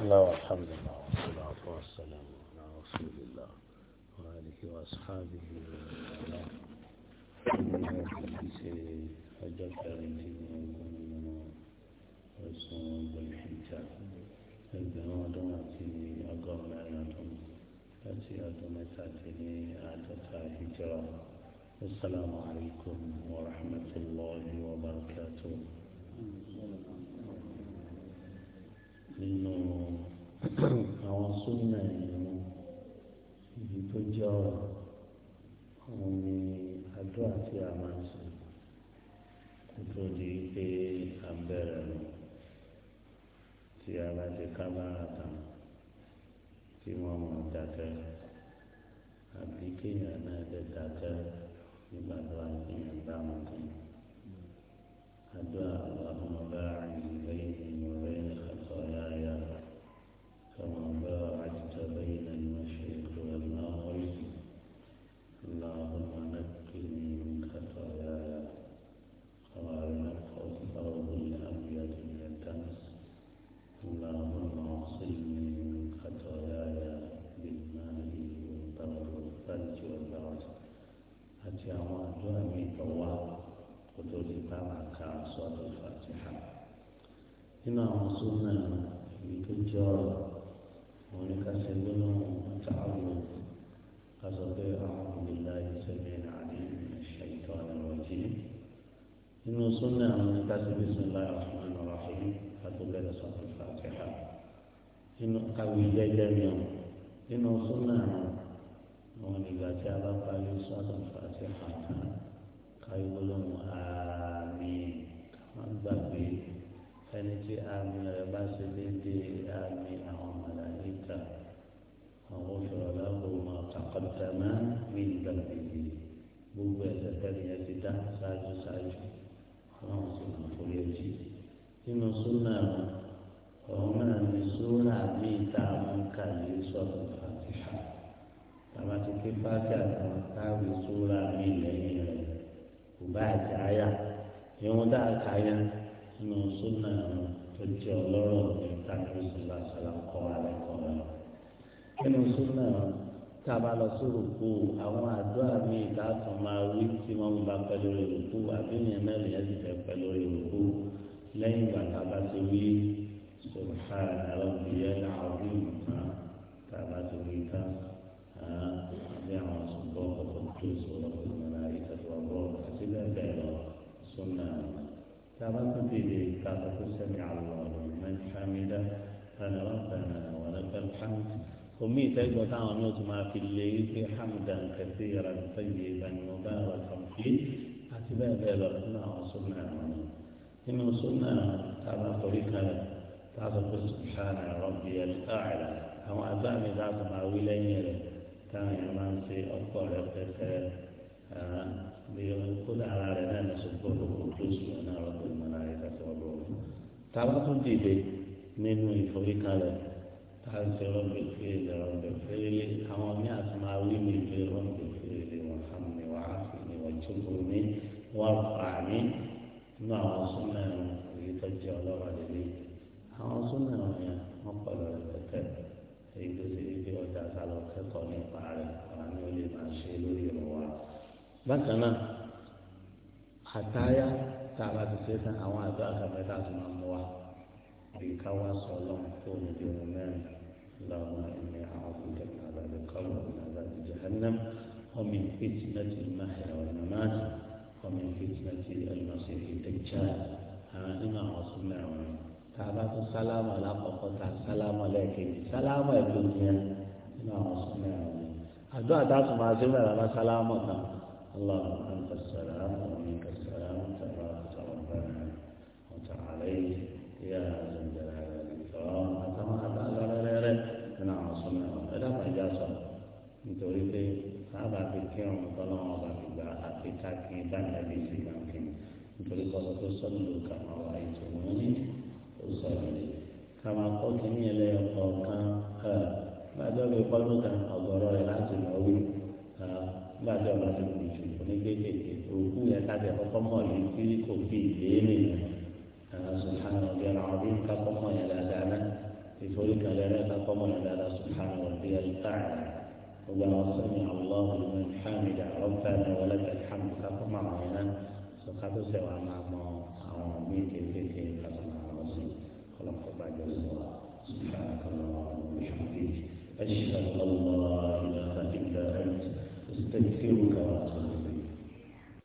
الله والحمد لله والصلاة والسلام على رسول الله وعلى آله وأصحابه السلام عليكم ورحمة الله وبركاته àwọn súnmọ ìrìnnà èyí tó jẹ ọ̀rọ̀ òun ni àdó àti àmàṣe kó tó di pé abẹ́rẹ́ lọ tí a bá ti kábàárà tán tí wọ́n mọ̀ dákẹ́ àbí kéèyàn náà lè dákẹ́ nígbà tó a kéèyàn bá wọn kàn àdó àwọn ọmọ bá rìn lẹ́yìn. àti àwọn àdúrà mi tó wá kó tó di bá máa ka sọ́ọ̀tù fàtíhà. nínú àwọn súnà èyí tó jẹ́ ọ̀rọ̀ àwọn oníkàṣẹ́ gbólóhùn àtàwọn kásọ̀ pé àwọn òbílà ìṣẹ̀lẹ̀ àdé ìṣẹ̀ ìtọ́ àdàlọ́jì. nínú súnà àwọn oníkàṣẹ́ bísíńlá àwọn ọ̀rọ̀ àfẹ́yí kátó bẹ̀rẹ̀ sọ́ọ̀tù fàtíhà. nínú kàwé jẹ́jẹ́ mi ọ̀ nínú súnà àwọn wọn nígbà tí a bá parí sọ́dọ̀ fàṣẹ fàtà káyọ̀ gbólóhùn àmì káwọn gbàgbé ẹni tí àmì rẹ̀ bá ṣe déédéé àmì àwọn màláíkà àwọn òṣèlú ọlọ́gbọ̀n àkọ́tàmá ní ìgbàgbé gbogbo ẹ̀sẹ̀ tẹ́lẹ̀ yẹn ti dá ṣáájú ṣáájú ọlọ́run pípàtì àtàwọn táàbì sóra mi lẹ́yìn rẹ̀ kò bá àjà ayá ìwọ̀n dá àkàyà nínú súnà tó jẹ́ ọlọ́rọ̀ ní táàbì sóra sàlámkọ́ alẹ́kọ̀ọ́ rẹ̀. nínú súnà tá a bá lọ sí òkú àwọn àdúrà mi ìdáàtàn máa wí tí wọ́n bá pẹ̀lú rẹ̀ òkú àbíyàn náà lè ti fẹ́ pẹ̀lú rẹ̀ òkú lẹ́yìn ìgbà tá a bá ti wí sọ̀rọ̀ sáà àlọ́ ìyẹn àwọn ìmọ̀ tán tá a bá ti wí tán. نعم الله والقدس وله الملائكة والروح سيدا بيضا سنة تركت به قالت سمع الله لمن حمده قال ربنا ولك الحمد أمي تجد تعمل ما في الليل حمدا كثيرا طيبا مباركا فيه أتباع بيضا نعم سنة إنه سنة تعالى طريقها تعالى سبحان ربي الأعلى أو أزامي ذات ما وليه táwọn èèyàn máa ń ṣe ọkọ rẹ̀ pẹ́sẹ́ bí kódà ara rẹ̀ náà lọ sí gbọ́dọ̀ kó tó sùn náà rọ́pò ìmọ̀lá rẹ̀ kàtó ọ̀rọ̀ rẹ̀. táwa tún dìde nínú ìforíkalẹ̀ tá a ṣe rọ́bì fèrè rọ́bì fèrè àwọn ní àti máa wí mi pé rọ́bì fèrè wọn hàn mí wàá fi mi wọ́n tó kúrò ní wọ́n fà mí nínú àwọn súnmọ́ ẹ̀rọ. nípa rẹ̀ àwọn yóò lè máa ṣe lórí ọ̀rọ̀ wa. bákan náà àtayá tá a bá ti ṣe tán àwọn àdó àtàmẹ́ta tó máa mú wa èyí ká wá sọ ọlọ́run tó ní bí ohun mẹ́rin lọ́wọ́ ẹni àwọn òkúta àbàlẹ̀ kọ́lọ̀ àbàlẹ̀ jahannam ọmọ ìfẹ́tì láti máhìrà ọ̀nà máa ọmọ ìfẹ́tì láti ẹlọ́sẹ̀ ìdẹ́jà àwọn nínú àwọn súnmọ́ ẹ̀wọ̀n tá a bá tún sálámà lápapọ̀ tá a sálámà lẹ́ẹ̀kejì sálámà ẹ̀dùn yẹn nínú àwọn súnmọ́ ẹ̀rọ yìí àdúrà táàtù máa ṣe mẹ́rin aláṣáláàmù kan اللهم أنت السلام ومنك السلام تبارك ربنا وتعاليك يا ذا الجلال والإكرام كما أتى على غيره من عاصمة إلى ما جاء nítorí pé sábà fi kírun tọ́lọ́wọ́n ọba fi gba àfikà kí n bá nàbí sí gbàǹkì nítorí kọ́sọ́ tó sọ́nù ló kà máa wà ètò wọn ní ó ní ìpọ́nú kan ọ̀gọ̀rọ̀ rẹ̀ láti lọ wí nígbà tí ọba ti kù jù ní kéékèèké òkú yẹn ká tẹ kọ́kọ́ mọ̀ yìí tí kò fi ìlérí yẹn subhanahu wa ta'ala ọdún ká kọ́ mọ̀ yẹn dáadáa náà ìforí kan lẹ́rẹ́ ká kọ́ mọ̀ yẹn dáadáa subhanahu wa ta'ala gbogbo àwọn sọ́ni aláwọ̀ lóun hàmìdà rabbana wa lakal hamd ká kọ́ mọ̀ àwọn yẹn náà sọ ká tó sẹ́wàá máa mọ àwọn mí kéékèèké lọ́sọ̀nà. Gracias.